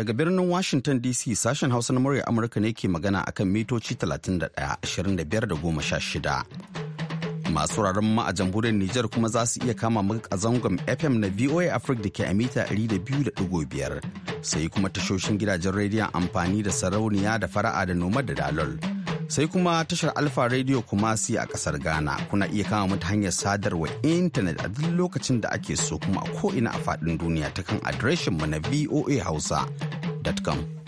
Daga birnin Washington DC sashen Hausa na murya Amurka ne ke magana akan mitoci 31 da goma sha shida. Masu wuraren ma a jamhuriyar Nijar kuma za su iya kama muka a zangon FM na VOA Africa da ke a mita 200.5 sai kuma tashoshin gidajen rediyon amfani da sarauniya da fara'a da noma da dalol. sai kuma tashar alfa radio kumasi a kasar ghana kuna iya kama mata hanyar sadarwa intanet a duk lokacin da ake so kuma a ko'ina a faɗin duniya ta kan adireshin mu na voa hausa.com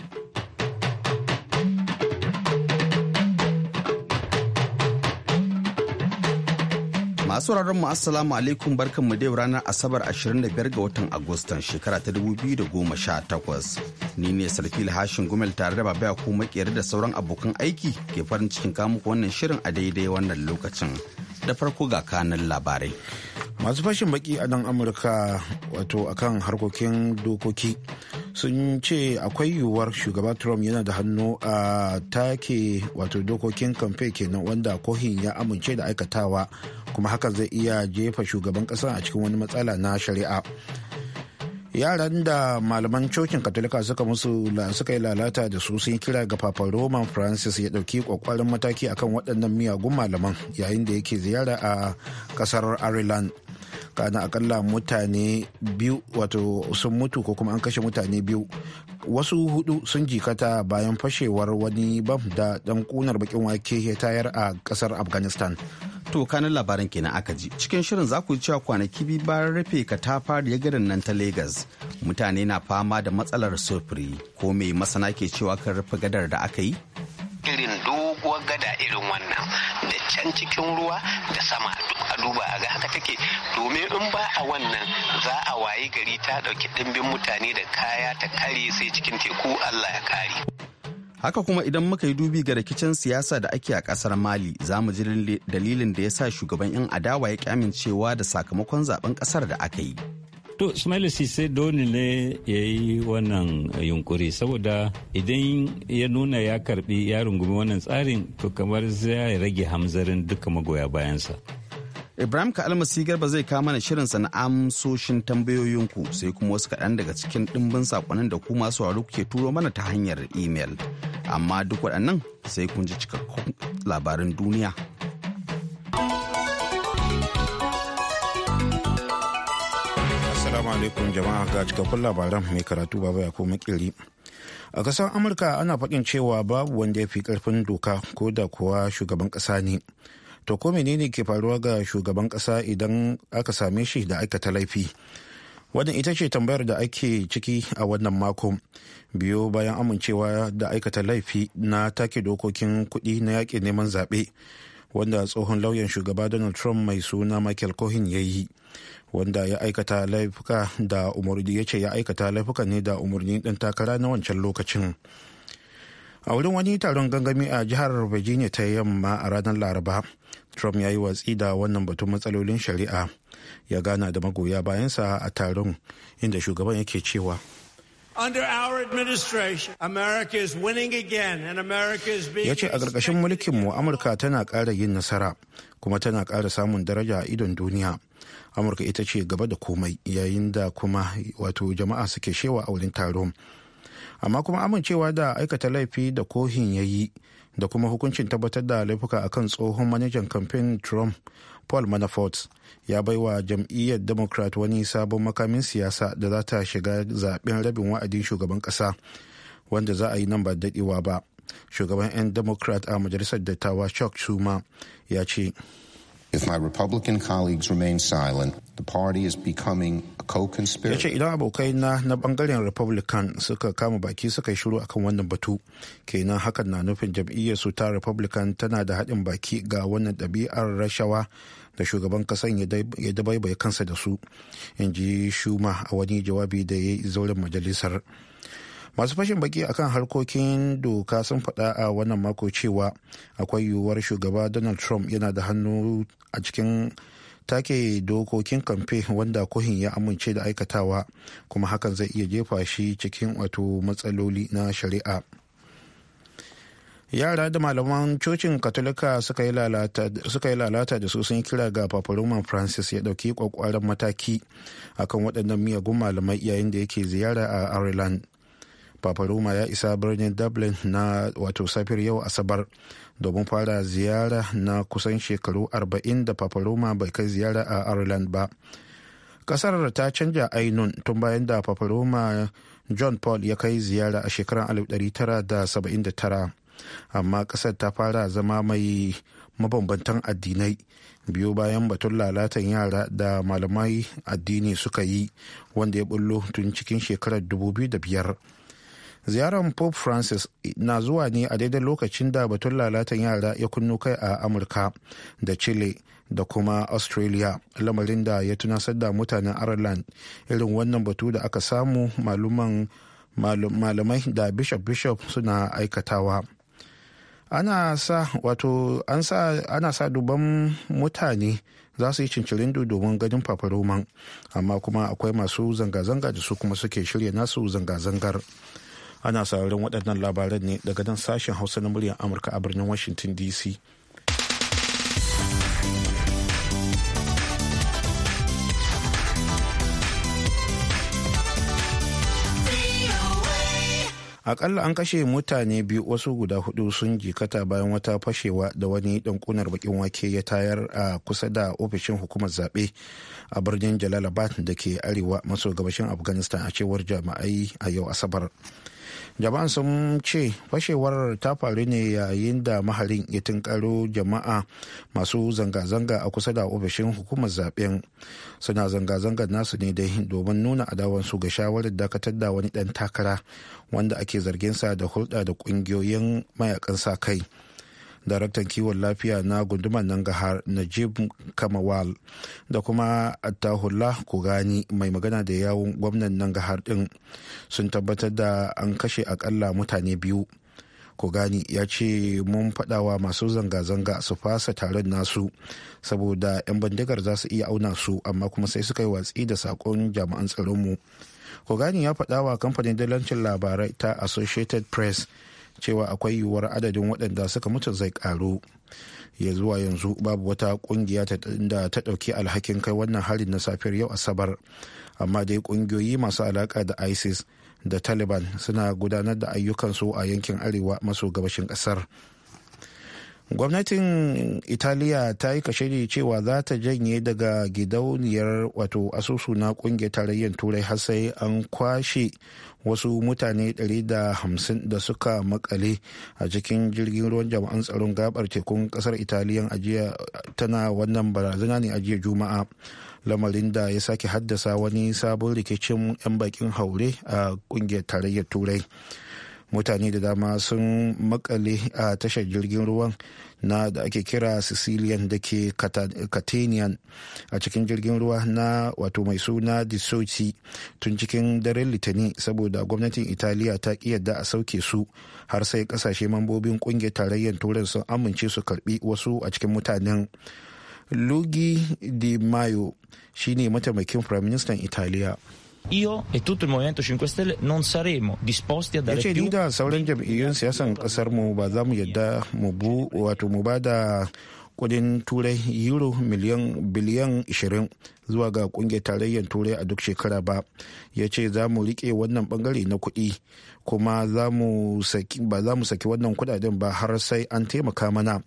Masu mu Assalamu alaikum barkan mu da ranar Asabar 25 ga watan Agustan shekara ta 2018. Ni ne sarfi Hashin Gumel tare da babaya ko makiyar da sauran abokan aiki ke farin cikin kamuku wannan shirin a daidai wannan lokacin. Da farko ga kanan labarai. Masu fashin baki a nan Amurka wato akan harkokin dokoki sun ce akwai yiwuwar shugaba trump yana da hannu a take wato dokokin kamfe kenan wanda kohin ya amince da aikatawa kuma haka zai iya jefa shugaban kasa a cikin wani matsala na shari'a yaran da malaman cokin katolika suka musu suka yi lalata da su sun kira ga papa roman francis ya dauki kwakwarin mataki akan waɗannan miyagun malaman yayin da yake ziyara a kasar ireland kana akalla mutane biyu wato sun mutu ko kuma an kashe mutane biyu wasu hudu sun jikata bayan fashewar wani bam da dan kunar bakin wake ya tayar a kasar afghanistan to kanin labaran kenan aka ji cikin shirin za ku ji cewa kwanaki bi bayan rufe katafar ya garin nan ta lagos mutane na fama da matsalar sufuri ko mai masana ke cewa kan rufe gadar da aka yi irin doguwar gada irin wannan da can cikin ruwa da sama duk a duba a ga haka take domin in ba a wannan za a wayi gari ta ɗauki ɗimbin mutane da kaya ta kare sai cikin teku Allah ya kare. Haka kuma idan muka yi dubi ga rikicin siyasa da ake a kasar Mali za mu ji dalilin da ya sa shugaban 'yan adawa ya kyamincewa da sakamakon zaben kasar da aka yi. To Ismail Sise doni ne ya yi wannan yunkuri saboda idan ya nuna ya karbi ya rungumi wannan tsarin to kamar zai rage hamzarin duka magoya bayansa. Ibrahim almasi Garba zai kama mana shirinsa na amsoshin tambayoyinku sai kuma wasu kaɗan daga cikin ɗimbin saƙonin da kuma sauraro kuke turo mana ta hanyar imel. Amma duk waɗannan sai kun ji cikakkun labarin duniya. Assalamu alaikum jama'a ga cikakkun labaran mai karatu baba ya koma kiri. A ƙasar Amurka ana faɗin cewa babu wanda ya fi ƙarfin doka ko da kuwa shugaban ƙasa ne. to ko menene ke faruwa ga shugaban kasa idan aka same shi da aikata laifi wannan ita ce tambayar da ake ciki a wannan mako biyo bayan amincewa da aikata laifi na take dokokin kuɗi na yaƙin neman zaɓe wanda tsohon lauyan shugaba donald trump mai suna michael cohen ya yi wanda ya aikata laifuka da umarni ya ce ya aikata laifuka ne da umarni ɗan takara na wancan lokacin a wurin wani taron gangami a jihar virginia ta yamma a ranar laraba trump ya yi watsi da wannan batun matsalolin shari'a ya gana da magoya bayansa a taron inda shugaban yake cewa Under our administration, America is winning again and America is being Ya ce a ƙarƙashin mulkinmu Amurka tana ƙara yin nasara kuma tana ƙara samun daraja a idon duniya. Amurka ita ce gaba da komai yayin da kuma wato jama'a suke shewa a wurin taron. amma kuma amincewa da aikata laifi da kohin ya yi da kuma hukuncin tabbatar da laifuka a kan tsohon manajan kamfen trump paul manafort ya bai wa jam'iyyar democrat wani sabon makamin siyasa da za ta shiga zaben rabin wa'adin shugaban kasa wanda za a yi nan ba daɗewa ba shugaban 'yan democrat a majalisar dattawa chuck schumer ya ce If my Republican colleagues remain silent, the party is becoming a co-conspirator. Yace idan abokai na na bangaren Republican suka kama baki suka yi shiru akan wannan batu, kenan hakan na nufin jam'iyyar su ta Republican tana da haɗin baki ga wannan ɗabi'ar rashawa da shugaban kasan ya dabaibaye kansa da su, in ji Shuma a wani jawabi da ya yi zauren majalisar. masu fashin baki akan harkokin doka sun faɗa a wannan mako cewa akwai yiwuwar shugaba donald trump yana da hannu a cikin take dokokin kamfe wanda kohin ya amince da aikatawa kuma hakan zai iya jefa shi cikin wato matsaloli na shari'a yara da malaman cocin katolika suka yi lalata da su sun kira ga paparoman francis ya dauki kwakwaran mataki akan waɗannan miyagun malamai yayin da yake ziyara a ireland paparoma ya isa birnin dublin na wato safir yau asabar domin fara ziyara na kusan shekaru 40 da paparoma bai kai ziyara a ireland ba kasar ta canja ainun tun bayan da paparoma john paul ya kai ziyara a shekarar 1979 amma kasar ta fara zama mai mabambantan addinai biyu bayan batun lalatan yara da malamai addini suka yi wanda ya bullo tun cikin shekarar 2005 ziyarar pope francis na zuwa ne a daidai lokacin da batun lalatan yara ya kunnu kai a amurka da chile da kuma australia lamarin da ya tunasar da mutanen ireland irin wannan batu da aka samu malamai da bishop bishop suna aikatawa ana sa wato ana sa duban mutane za su yi cincirin domin ganin fafaroman amma kuma akwai masu zanga-zanga da su kuma suke shirya nasu zanga-zangar ana sauraron waɗannan labaran ne daga nan sashen hausa na muryar amurka a birnin washington dc akalla an kashe mutane biyu wasu guda hudu sun jikata bayan wata fashewa da wani ɗankunar bakin wake ya tayar a kusa da ofishin hukumar zaɓe a birnin jalalabad da ke arewa maso gabashin afghanistan a cewar jama'ai a yau asabar jama'an sun ce fashewar ta faru ne yayin da mahalin ya tunkaro jama'a masu zanga-zanga a kusa da ofishin hukumar zaben suna zanga-zangar nasu ne dai domin nuna adawansu ga shawarar dakatar da wani dan takara wanda ake zargin sa da hulɗa da ƙungiyoyin mayakan sa kai daraktan kiwon lafiya na gundumar nangahar najib kamawal da kuma attahullah kogani mai magana da yawun gwamnan nan nangahar din sun tabbatar da an kashe akalla mutane biyu kogani ya ce mun faɗawa masu zanga-zanga su fasa taron nasu saboda 'yan bandigar za su iya auna su amma kuma sai suka yi watsi da sakon jami'an mu kogani ya faɗawa kamfanin dalancin labarai ta associated press cewa akwai yiwuwar adadin waɗanda suka mutu zai karu ya zuwa yanzu babu wata kungiya da ta ɗauki alhakin kai wannan harin na safiyar yau asabar amma dai kungiyoyi masu alaƙa da isis da taliban suna gudanar da ayyukansu a yankin arewa maso gabashin ƙasar. gwamnatin italiya ta yi kashiri cewa za ta janye daga gidauniyar wato asusu na kungiyar tarayyar turai har sai an kwashe wasu mutane 150 da suka makale a cikin jirgin ruwan jama'an tsaron gabar tekun kasar italiya tana wannan barazana ne ajiya juma'a lamarin da ya sake haddasa wani sabon rikicin 'yan bakin haure a kungiyar tarayyar turai mutane da dama sun makale a tashar jirgin ruwan na da ake kira sicilian da ke catanian a cikin jirgin ruwa na wato mai suna disoci tun cikin daren litani saboda gwamnatin italiya ta yadda a sauke su har sai kasashe mambobin kungiyar tarayyar turai sun amince su karbi wasu a cikin mutanen lugi di mayo shine mataimakin firaministan italiya io e tutto il Movimento 5 Stelle non saremo disposti a dare più... ni da sauran jam'iyyun siyasan kasar mu ba za mu yadda mu bu wato mu ba da kudin turai euro miliyan biliyan 20 zuwa ga kungiyar tarayyar turai a duk shekara ba ya ce za mu rike wannan bangare na kuɗi kuma ba za mu saki wannan kudaden ba har sai an taimaka mana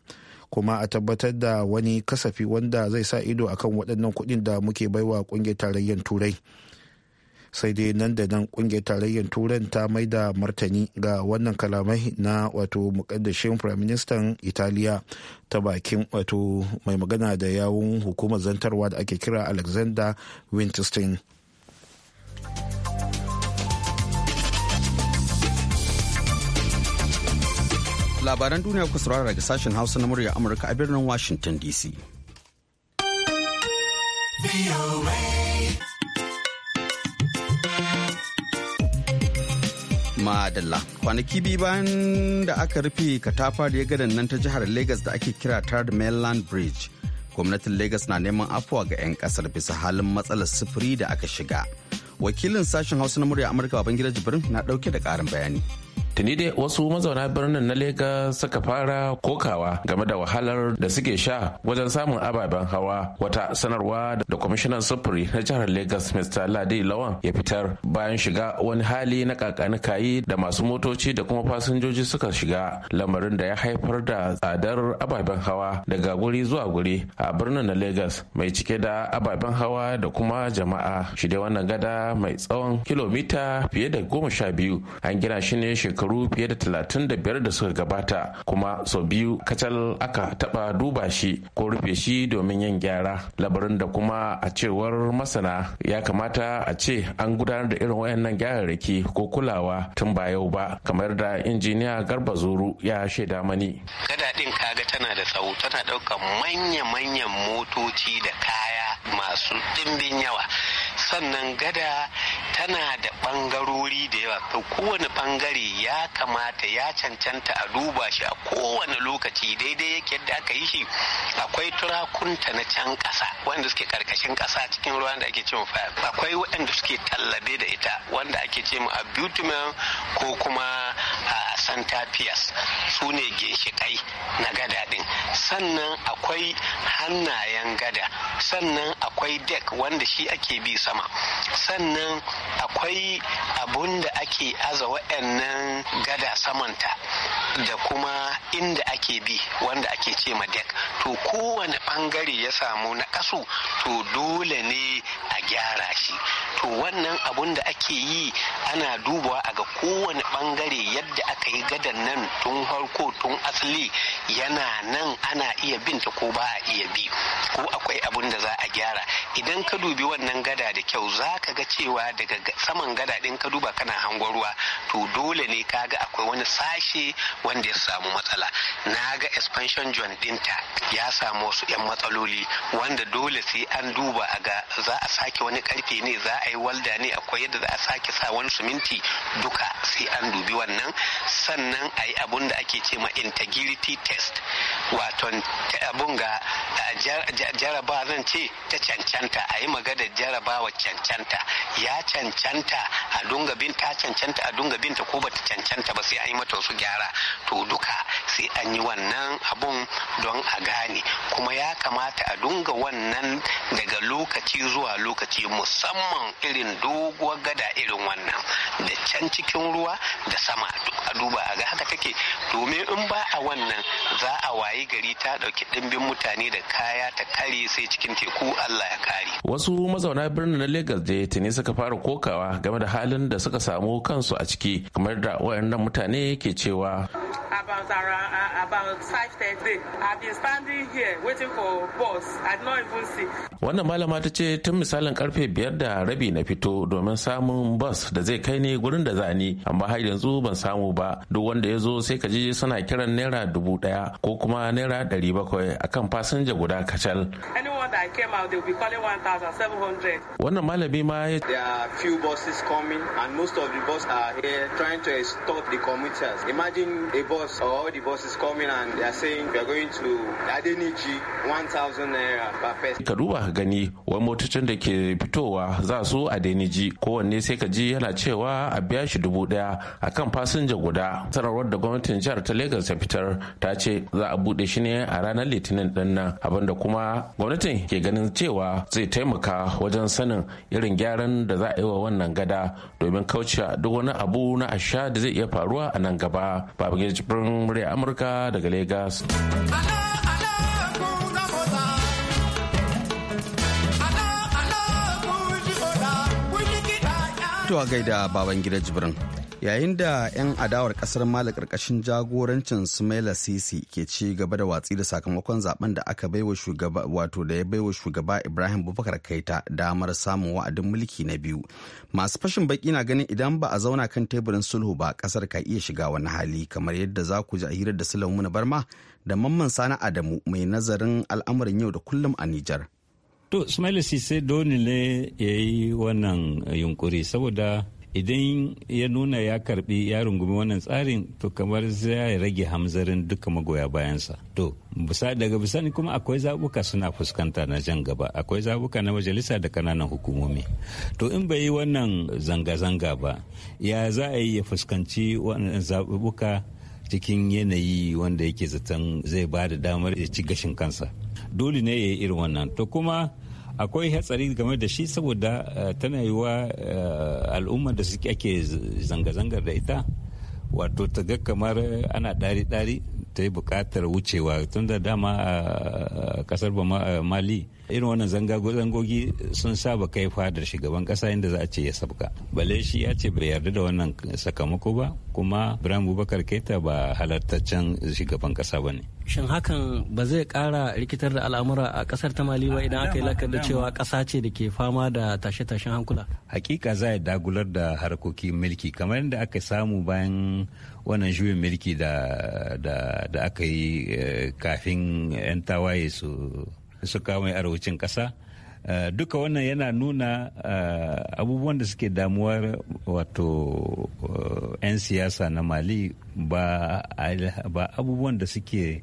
kuma a tabbatar da wani kasafi wanda zai sa ido akan waɗannan kuɗin da muke baiwa kungiyar tarayyar turai sai dai nan da nan kungiyar tarayyar turan ta maida martani ga wannan kalamai na wato mukaddashin prime minister italiya ta bakin wato mai magana da yawun hukumar zantarwa da ake kira alexander winterstein labaran duniya ku saurara daga sashen hausa na murya amurka a birnin washington dc Madalla. Kwanaki biyu bayan da aka rufe ya gadan nan ta jihar Legas da ake kira Third Mainland Bridge. Gwamnatin Legas na neman afuwa ga 'yan kasar bisa halin matsalar sufuri da aka shiga. Wakilin sashen Hausa na murya Amurka Babangida Jibrin na dauke da karin bayani. tuni dai wasu mazauna birnin na Legas suka fara kokawa game da wahalar da suke sha wajen samun ababen hawa wata sanarwa da kwamishinan sufuri na jihar Legas Mr. Ladi Lawan ya fitar bayan shiga wani hali na kakanikayi da masu motoci da kuma fasinjoji suka shiga lamarin da ya haifar da tsadar ababen hawa daga guri zuwa guri a birnin na Legas mai cike da ababen hawa da kuma jama'a shi dai wannan gada mai tsawon kilomita fiye da goma sha biyu an gina shi ne shekaru fiye da talatin da biyar da suka gabata kuma sau biyu kacal aka taba duba shi ko rufe shi domin yin gyara labarin da kuma a cewar masana ya kamata a ce an gudanar da irin wayannan gyararraki ko kulawa tun ba yau ba kamar da injiniya garba zuru ya shaida mani gada din kaga tana da tsawo tana ɗaukar manya-manyan motoci da kaya masu ɗimbin yawa sannan gada tana da ɓangarori da yawa to kowane ɓangare ya kamata ya cancanta a duba shi a kowane lokaci daidai yake yadda aka yi shi akwai turakunta na can ƙasa wanda suke karkashin ƙasa cikin ruwa da ake ce fayar akwai waɗanda suke tallabe da ita wanda ake ce mu abutumen ko kuma a santa pias su ne ginshiƙai na gada ɗin sannan akwai hannayen gada sannan akwai dek wanda shi ake bi sama sannan akwai abun da ake aza wa'annan gada samanta da kuma inda ake bi wanda ake ce ma dek to kowane bangare ya samu na kasu to dole ne gyara shi to wannan abun da ake yi ana dubawa a ga kowane bangare yadda aka yi gadan nan tun harko tun asali yana nan ana iya bin ta ko ba a iya bi ko akwai abun da za a gyara idan ka dubi wannan gada da kyau za ka ga cewa daga saman gada din ka duba kana hangon ruwa to dole ne ka ga akwai wani sashe wanda ya samu matsala na ga expansion joint dinta ya samu wasu 'yan matsaloli wanda dole sai an duba a ga za a sake sake wani karfe ne za a yi walda ne akwai yadda za a sake sa wani suminti duka sai an dubi wannan sannan a yi abun da ake ce ma integrity test wato abun ga jaraba zan ce ta cancanta a yi maganar jarabawa cancanta ya cancanta a dunga bin ta cancanta a dunga binta ko bata cancanta ba sai an yi mata wasu gyara to duka sai an yi wannan abun don a gane kuma ya kamata a dunga wannan daga lokaci zuwa lokaci lokaci musamman irin doguwar gada irin wannan da can cikin ruwa da sama a duba a ga haka take domin in ba a wannan za a wayi gari ta ɗauki ɗimbin mutane da kaya ta kare sai cikin teku Allah ya kare. Wasu mazauna birnin na lagos da tuni suka fara kokawa game da halin da suka samu kansu a ciki kamar da wayannan mutane ke cewa. Wannan malama ta ce tun misalin karfe biyar da rabi na fito domin samun bus da zai kai ni gurin da zani amma har yanzu ban samu ba duk wanda ya zo sai ka ji suna kiran naira dubu daya ko kuma naira dari bakwai akan fasinja guda kacal. Wannan malami ma ya There are few buses coming and most of the bus are here trying to extort the commuters. Imagine a bus or all the buses coming and they are saying we Ka duba gani wani motocin da ke fitowa za su a deniji kowanne sai ka ji yana cewa a biya shi dubu daya a kan fasinja guda sanarwar da gwamnatin jihar ta lagos ta fitar ta ce za a bude shi ne a ranar litinin din nan abinda kuma gwamnatin ke ganin cewa zai taimaka wajen sanin irin gyaran da za a yi wa wannan gada domin kauce duk wani abu na asha da zai iya faruwa a nan gaba babu jibrin murya amurka daga lagos To a gaida baban gida Jibrin. Yayin da 'yan adawar kasar Mali karkashin jagorancin Sumaila Sisi ke ci gaba da watsi da sakamakon zaben da aka baiwa shugaba wato da ya baiwa shugaba Ibrahim Bubakar Kaita damar samun wa'adin mulki na biyu. Masu fashin baki na ganin idan ba a zauna kan teburin sulhu ba kasar ka iya shiga wani hali kamar yadda za ku ji a hirar da Sulaimu Barma da Mamman Sani Adamu mai nazarin al'amuran yau da kullum a Nijar. To, Ismail Sise doni ne ya yi wannan yunkuri saboda idan ya nuna ya karbi ya rungumi wannan tsarin to kamar zai rage hamzarin duka magoya bayansa to daga bisani kuma akwai zabuka suna fuskanta na jan gaba akwai zabuka na majalisa da kananan hukumomi to in bai yi wannan zanga-zanga ba ya za a yi ya fuskanci wannan zabuka cikin yanayi wanda yake zaton zai ba da damar ya ci gashin kansa dole ne ya yi irin wannan to kuma akwai hatsari game da shi saboda eh, tana yi wa eh, al'ummar da suke ake zanga-zangar da ita wato ta ga kamar ana ɗari-ɗari ta yi buƙatar wucewa tun dama a eh, ƙasar mali irin wannan zangogi sun saba kai fadar shugaban kasa inda za a ce ya sabka bale shi ya ce bai yarda da wannan sakamako ba kuma Ibrahim Bubakar Keita ba halartaccen shugaban kasa bane. Shin hakan ba zai kara rikitar da al'amura a kasar ta Mali ba idan ah, aka yi lakar da cewa kasa ce da ke fama da tashe-tashen hankula? Hakika za ya dagular da harkokin mulki kamar yadda aka samu bayan wannan juyin mulki da aka yi eh, kafin 'yan tawaye su suka mai arewacin ƙasa eh, duka wannan yana nuna eh, abubuwan da suke damuwar wato 'yan eh, siyasa na mali ba abubuwan da suke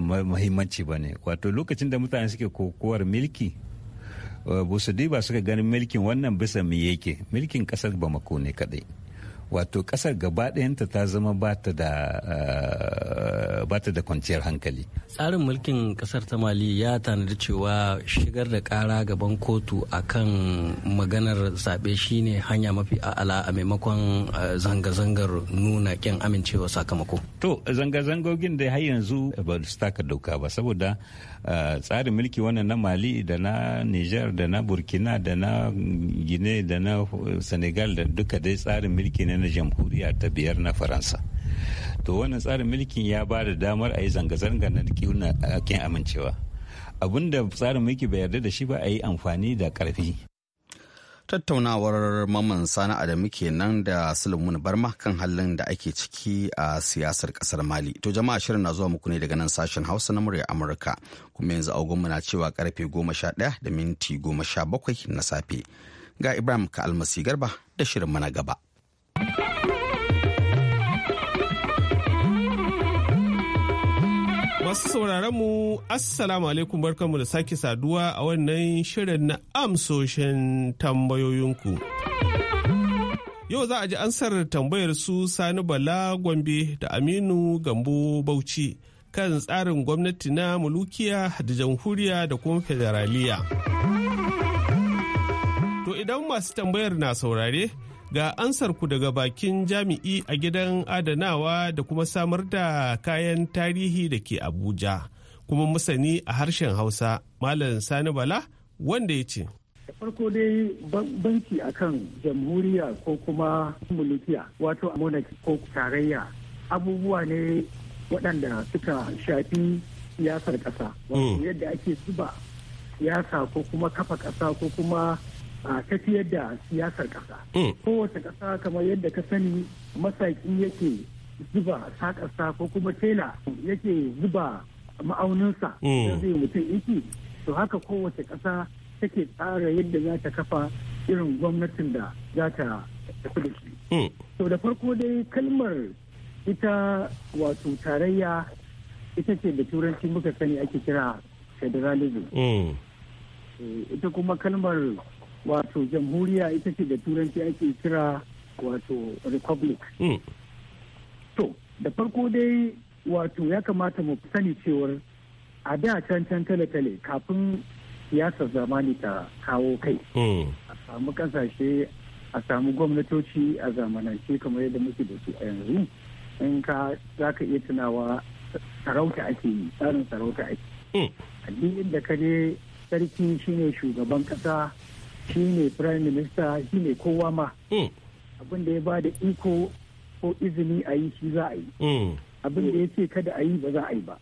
mahimmanci ba ne wato lokacin da mutane suke kokowar milki ba diba suka ganin milkin wannan bisa me yake milkin kasar bamako ne kadai wato kasar gaba ɗayanta ta zama ba ta da eh, kwanciyar hankali tsarin mulkin kasar ta mali ya tanadi cewa shigar da kara gaban kotu a kan maganar zaɓe shine hanya mafi a'ala a maimakon eh, zanga-zangar nuna kyan amincewa sakamako to zanga-zangogin da har yanzu ba su taka doka ba saboda eh, tsarin mulki wannan na mali da na niger da na burkina da na gine da na senegal da duka dai tsarin mulki ne na jamhuriya ta biyar na faransa to wannan tsarin mulkin ya ba da damar a yi zanga-zanga na kin amincewa abinda tsarin mulki bai yarda da shi ba a yi amfani da karfi tattaunawar maman sana'a da muke nan da sulmun barma kan halin da ake ciki a siyasar kasar mali to jama'a shirin na zuwa muku ne daga nan sashen hausa na murya amurka kuma yanzu agunmu na cewa karfe goma sha ɗaya da minti goma sha bakwai na safe ga ibrahim ka almasi garba da shirin mana gaba Masu sauraron mu Assalamu alaikum barkanmu da sake saduwa a wannan shirin na amsoshin tambayoyinku. Yau za a ji ansar tambayar su Sani Bala Gombe da Aminu Gambo Bauchi kan tsarin gwamnati na mulukiya da jamhuriya da kuma federaliya. To idan masu tambayar na saurare, ga ansarku daga bakin jami'i a gidan adanawa da kuma samar da kayan tarihi da ke abuja kuma musani a harshen hausa malam sani bala wanda ya ce farko dai banki akan jamhuriya ko kuma mulkiya wato monarchy ko tarayya abubuwa ne waɗanda suka shafi siyasar ƙasa mm. wato yadda ake zuba siyasa ko kuma kafa ƙasa ko kuma a tafiyar da siyasar ƙasa. Hmm. Kowace ƙasa kamar yadda ka sani masaƙi yake zuba saƙarsa ko kuma tela yake zuba ma'auninsa hmm. da zai mutum iki to haka kowace ƙasa take tsara yadda za ta kafa irin gwamnatin da za ta tafi da shi. Hmm. To da farko dai kalmar ita wato tarayya ita ce da turanci muka sani ake kira federalism. Eh, ita kuma kalmar wato jamhuriya ita ce da turanci ake kira wato republic hmm. to da farko dai wato ya kamata mu sani cewar a da can can tale-tale kafin siyasa zamani ta kawo kai hmm. a samu kasashe a samu gwamnatoci a zamanance kamar yadda muke da su a yanzu in ka za ka iya tunawa sarauta ake yi tsarin sarauta ake hmm. addinin da ka ne sarki shine shugaban kasa shi ne prime minister shi ne kowa ma hmm. abin da ya ba da iko ko izini a yi shi za a yi hmm. abin da ya ce kada a yi ba za a yi ba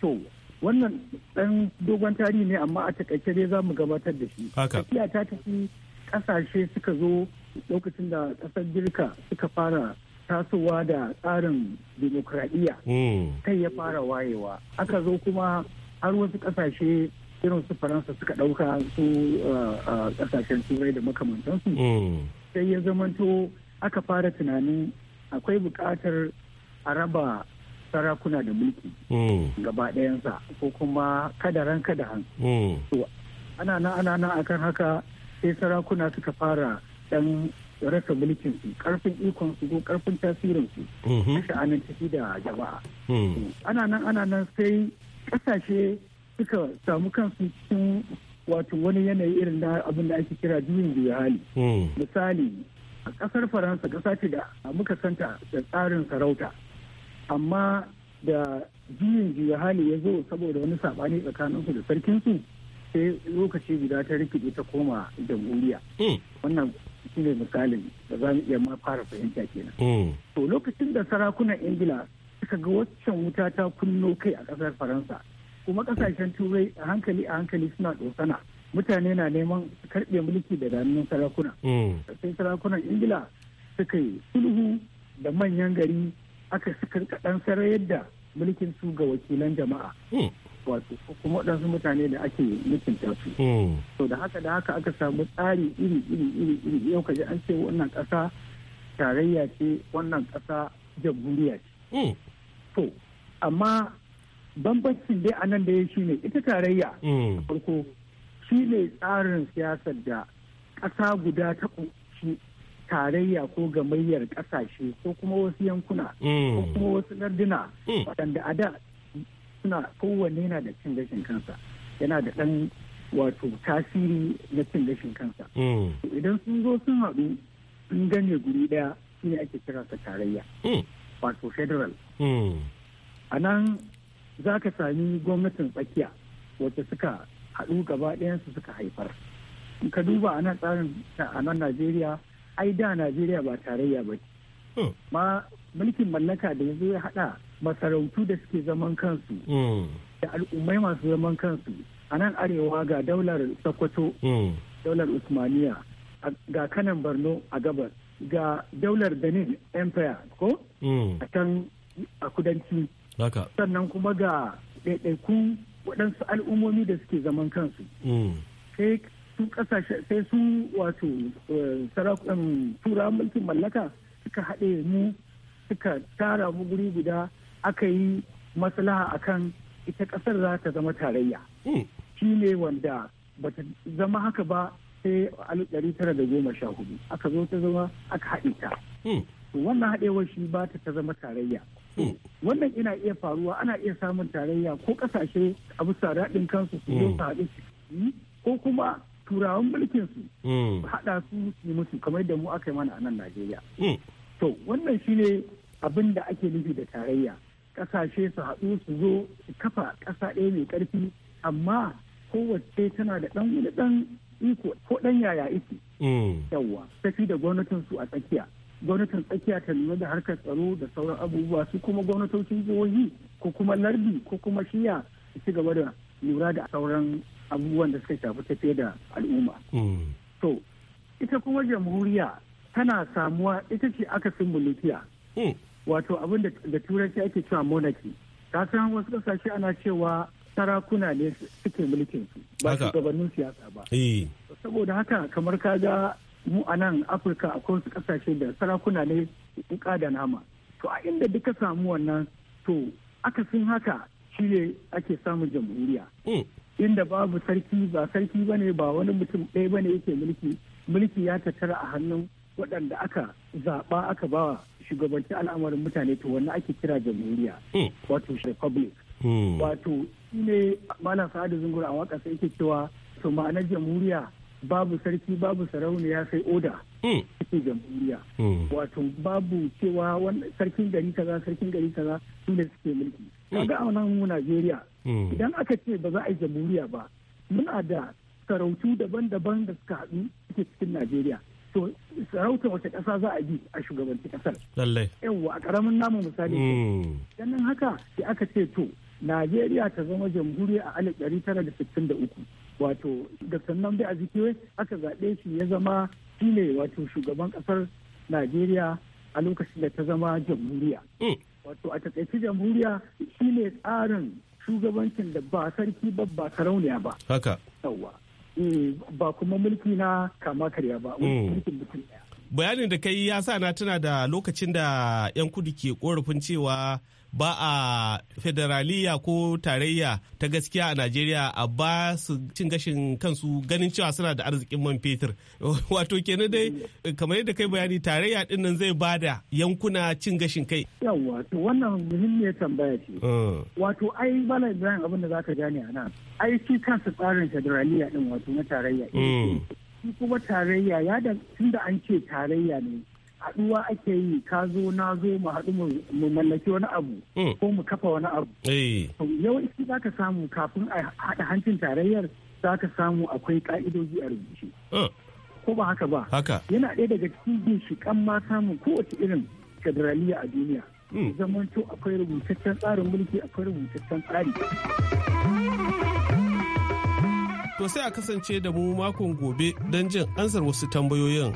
so wannan dan dogon tarihi ne amma a takaice dai za mu gabatar da shi tafiya ta tafi kasashe suka zo lokacin da kasar girka suka fara tasowa da tsarin demokradiyya hmm. kai ya fara wayewa aka zo kuma har wasu kasashe irin su faransa suka ɗauka su uh, uh, ƙasashen turai da makamantansu mm. sai ya zamanto aka fara tunanin akwai buƙatar a raba sarakuna da mulki mm. gaba ɗayansa ko kuma kada ranka da so mm. ana nan ana nan akan haka sai sarakuna suka fara ɗan rasa mulkin su karfin ikon su ko karfin tasirin su mm-hmm. sha'anin tafi da jama'a ana nan ana nan sai ƙasashe. suka samu kansu cikin wato wani yanayi irin na abin da ake kira juyin juya hali hmm. misali a kasar faransa kasa ce da muka santa da tsarin sarauta amma da juyin juya hali ya zo saboda wani tsakanin tsakaninsu da sarkinsu sai lokaci guda ta rikide ta koma jamhuriya hmm. wannan shi ne misalin da za mu iya ma fara fahimta kenan hmm. to lokacin da sarakunan ingila suka ga waccan wuta ta kunno kai a kasar faransa kuma kasashen turai a hankali a hankali suna dosana mutane na neman karɓe mulki da hannun sarakuna mm. sai sarakunan ingila suka yi sulhu da manyan gari aka suka kaɗan sarayar da mulkin su ga wakilan jama'a mm. wato kuma waɗansu mutane da ake mutunta su mm. to da haka da haka aka samu tsari iri iri iri iri yau ka ji an ce wannan ƙasa tarayya ce wannan ƙasa jamhuriya ce to amma bambancin dai a nan da ya shi ne ita tarayya mm. farko shi ne tsarin siyasar da ƙasa guda ta ƙunshi tarayya ko gamayyar ƙasashe ko kuma wasu yankuna ko mm. kuma wasu lardina mm. waɗanda a da suna kowanne yana da cin gashin kansa yana da ɗan wato tasiri na cin gashin kansa idan sun zo sun haɗu sun gane guri ɗaya shi ne ake kiransa tarayya wato federal a nan za ka sami gwamnatin tsakiya wacce suka haɗu gaba ɗayansu suka haifar ka duba a nan tsarin a nan najeriya ai da najeriya ba tarayya ba hmm. ma mulkin mallaka da ya zo ya haɗa masarautu da suke zaman kansu hmm. da al'ummai masu zaman kansu a nan arewa ga daular sokoto hmm. daular usmaniya ga kanan borno a gabas ga daular benin empire ko a can a kudanci sannan kuma ga ɗaiɗaikun waɗansu al'ummomi da suke zaman kansu mm. sai su ƙasashe sai su wato eh, sarakunan tura mulkin mallaka suka haɗe mu suka tara mu guri guda aka yi maslaha akan ita ƙasar za ta zama tarayya mm. shi ne wanda bata zama haka ba sai alif ɗari tara da goma sha hudu aka zo ta zama aka haɗe ta mm. wannan haɗewar shi ba ta zama tarayya Hmm. wannan ina iya faruwa ana iya samun tarayya ko kasashe a bisa daɗin kansu su zo su hmm. haɗu hmm. ko kuma turawan mulkin su haɗa su su musu kamar da mu aka yi mana a nan Najeriya. To wannan shine abin da ake nufi da tarayya kasashe su haɗu su zo su kafa ƙasa ɗaya mai ƙarfi amma kowace tana da ɗan wani ɗan iko ko ɗan yaya iki. Yawwa tafi da gwamnatin su a tsakiya. gwamnatin tsakiya ta lura da harkar tsaro da sauran abubuwa su kuma gwamnatocin jihohi ko kuma lardi ko kuma shiya su ci gaba da lura da sauran abubuwan da suka shafi tafiye da al'umma. Hmm. To, ita kuma jamhuriya tana samuwa ita ce aka fi mulkiya. Hmm. Wato abin da turanci ake cewa monarchy. Ta san wasu kasashe ana cewa sarakuna ne suke mulkin su ba su gabanin siyasa ba. Eh. Saboda haka kamar ka ga. mu a nan afirka akwai wasu kasashe da sarakuna ne ƙuka da nama to a inda duka samu wannan to akasin haka shi ne ake samun jamhuriya hmm. inda babu sarki ba sarki ba ne ba wani mutum ɗaya ba ne yake mulki mulki ya tattara a hannun waɗanda aka zaɓa aka bawa shugabanci al'amarin mutane to wannan ake kira jamhuriya hmm. wato republic hmm. wato shi ne malam sa'adu zungura a waƙa sai ke cewa to ma'anar jamhuriya babu sarki babu sarauniya sai oda cikin hmm. jamhuriya hmm. wato babu cewa sarkin gari kaza sarkin gari kaza su ne suke mulki hmm. ga a nan mu Najeriya idan aka ce ba za a yi jamhuriya ba muna da sarautu daban-daban da suka haɗu suke cikin Najeriya to sarautar wace ƙasa za a bi a shugabanci ƙasar yawwa a ƙaramin namu misali dan haka sai aka ce to Najeriya ta zama jamhuriya a alif ɗari tara da sittin da uku wato dr namdi azikiwe aka zaɓe shi ya zama shine wato shugaban ƙasar najeriya a lokacin da ta zama jamhuriya hmm. wato a takaice jamhuriya shine tsarin shugabancin da ba sarki ba ba sarauniya ba haka yawa eh, ba kuma mulki na kama karya ba hmm. mulkin mutum bayanin da kai ya sa na tuna da lokacin da 'yan kudu ke korafin cewa ba a federaliya ko tarayya ta gaskiya a najeriya a ba su cin gashin kansu ganin cewa suna da arzikin man fetur wato kenan dai kamar yadda kai bayani tarayya din nan zai ba da yankuna cin gashin kai yawa to wannan muhimmiyar tambaya ce hmm. wato ai bala ibrahim abin da zaka gane a nan ai su kansu tsarin federaliya din wato na tarayya hmm. kuma tarayya ya da tunda an ce tarayya ne haɗuwa ake yi ka zo na zo mu haɗu mu mallaki wani abu hmm. ko mu kafa wani abu yau eh. yawanci za ka samu kafin a haɗa hancin tarayyar za ka samu akwai ka'idoji a rubuce hmm. ko ba haka ba yana ɗaya daga cikin kan ma samun kowace irin federaliya a duniya hmm. to akwai rubutaccen tsarin mulki akwai rubutaccen tsari to sai a kasance da mu makon gobe don jin ansar wasu tambayoyin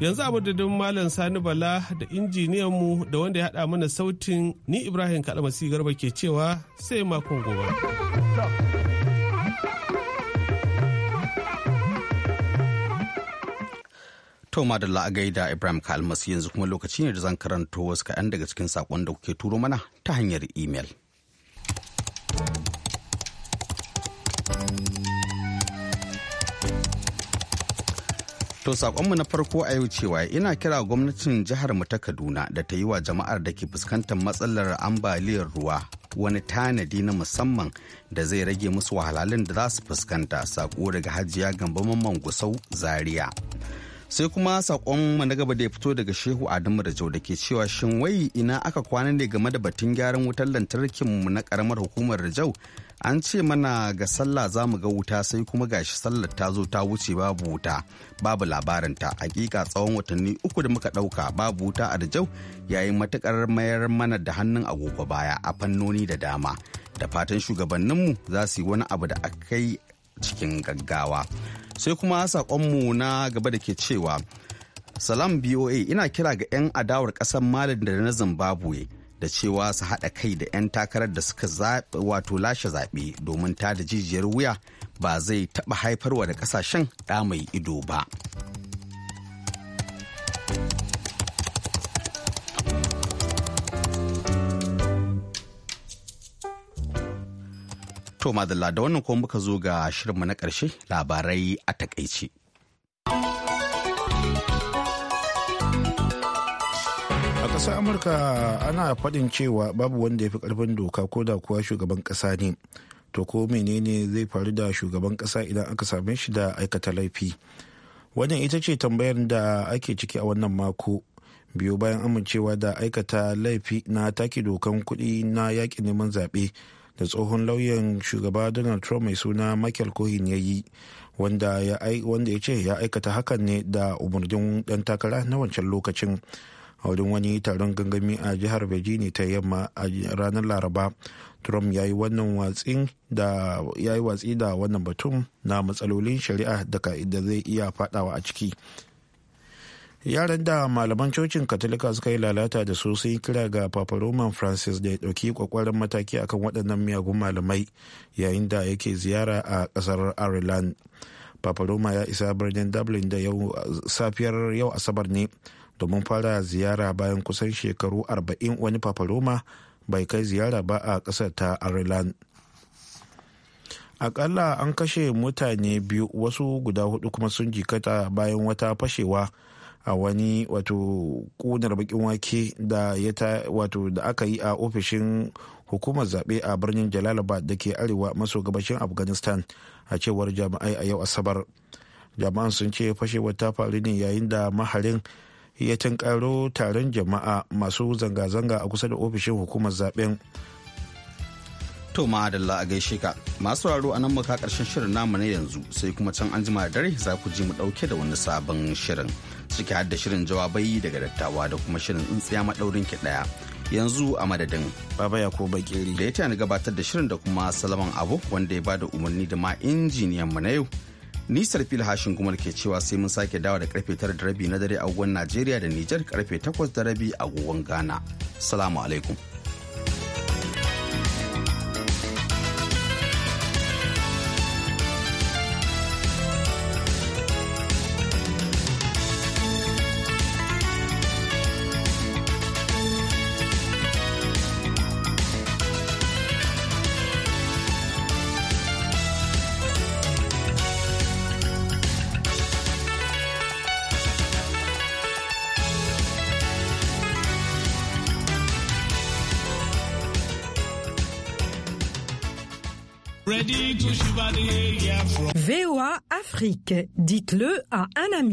yanzu da don malam sani bala da injiniyan mu da wanda ya haɗa mana sautin ni ibrahim kalmasi garba ke cewa sai makon gobe To madalla a gaida Ibrahim Kalmasi yanzu kuma lokaci ne da zan karanto wasu kaɗan daga cikin saƙon da kuke turo mana ta hanyar imel. To sakonmu na farko a yau cewa ina kira gwamnatin jihar mu ta Kaduna da ta yi wa jama'ar da ke fuskantar matsalar ambaliyar ruwa wani tanadi na musamman da zai rage musu wahalhalun da za su fuskanta sako daga hajiya gamba mamman gusau zaria. sai kuma sakon na gaba da ya fito daga shehu adamu da jau da ke cewa shin wai ina aka kwana ne game da batun gyaran wutar lantarkin mu na karamar hukumar da jau an ce mana ga sallah za mu ga wuta sai kuma gashi sallar ta zo ta wuce babu wuta babu labarinta hakika tsawon watanni uku da muka dauka babu wuta a jau yayin matukar mayar mana da hannun agogo baya a fannoni da dama da fatan shugabanninmu za su yi wani abu da akai cikin gaggawa sai kuma saƙonmu na gaba da ke cewa salam boa ina kira ga 'yan adawar ƙasar malin da na zimbabwe da cewa su haɗa kai da 'yan takarar da suka wato lashe zaɓe domin ta da jijiyar wuya ba zai taɓa haifarwa da ƙasashen ɗa mai ido ba. To madalla da wannan kuma muka zo ga shirinmu na ƙarshe labarai a takaice. A ƙasar Amurka ana faɗin cewa babu wanda ya fi ƙarfin doka ko da kuwa shugaban ƙasa ne. To ko menene zai faru da shugaban ƙasa idan aka same shi da aikata laifi? Wannan ita ce tambayar da ake ciki a wannan mako biyo bayan amincewa da aikata laifi na take dokan kuɗi na yakin neman zaɓe da tsohon lauyan shugaba donald trump mai suna michael cohen ya yi wanda ya ce ya aikata hakan ne da umarnin dan takara na wancan lokacin a wurin wani taron gangami a jihar virginia ta yamma a ranar laraba trump ya yi wannan watsi da wannan batun na matsalolin shari'a da zai iya fadawa a ciki yaran da malaman cocin katolika suka yi lalata da su sun kira ga papa roman francis da ya ɗauki kwakwaran mataki akan waɗannan miyagun malamai yayin da yake ziyara a ƙasar ireland papa roma ya isa birnin dublin da yau safiyar yau asabar ne domin fara ziyara bayan kusan shekaru 40 wani papa roma bai kai ziyara ba a ƙasar ta ireland akalla an kashe mutane biyu wasu guda hudu kuma sun jikata bayan wata fashewa a wani wato kunar bakin wake da ya ta wato da aka yi a ofishin hukumar zaɓe a birnin jalalabad da ke arewa maso gabashin afghanistan a cewar jami'ai a yau asabar jama'an sun ce fashewar ta faru ne yayin da maharin ya karo taron jama'a masu zanga-zanga a kusa da ofishin hukumar zaben to ma'adalla a gaishe ka masu raro a nan muka karshen shirin namu na yanzu sai kuma can an jima da dare za ku ji mu dauke da wani sabon shirin. ciki har da shirin jawabai daga dattawa da kuma shirin tsintsiya maɗaurin ki ɗaya. Yanzu a madadin. Baba ya ko bakeri Da ya tana gabatar da shirin da kuma Salaman Abu wanda ya bada umarni da ma injiniyan mu na yau. Nisar fil hashin gumal ke cewa sai mun sake dawa da karfe tara da rabi na dare a Najeriya da Nijar karfe takwas da rabi a Ghana. Salamu alaikum. dites-le à un ami.